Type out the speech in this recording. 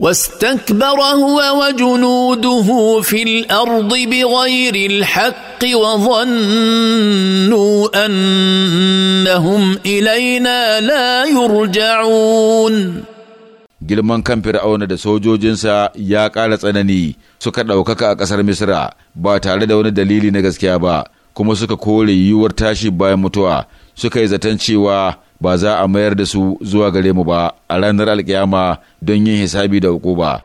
واستكبر هو وجنوده في الارض بغير الحق وظنوا انهم الينا لا يرجعون girman kan fir'auna da sojojinsa ya ƙara tsanani suka ɗaukaka a ƙasar misra ba tare da wani dalili na gaskiya ba kuma suka kore yiwuwar tashi bayan mutuwa suka yi zaton cewa ba za a mayar da su zuwa gare mu ba a ranar alkiyama don yin hisabi da hukuba.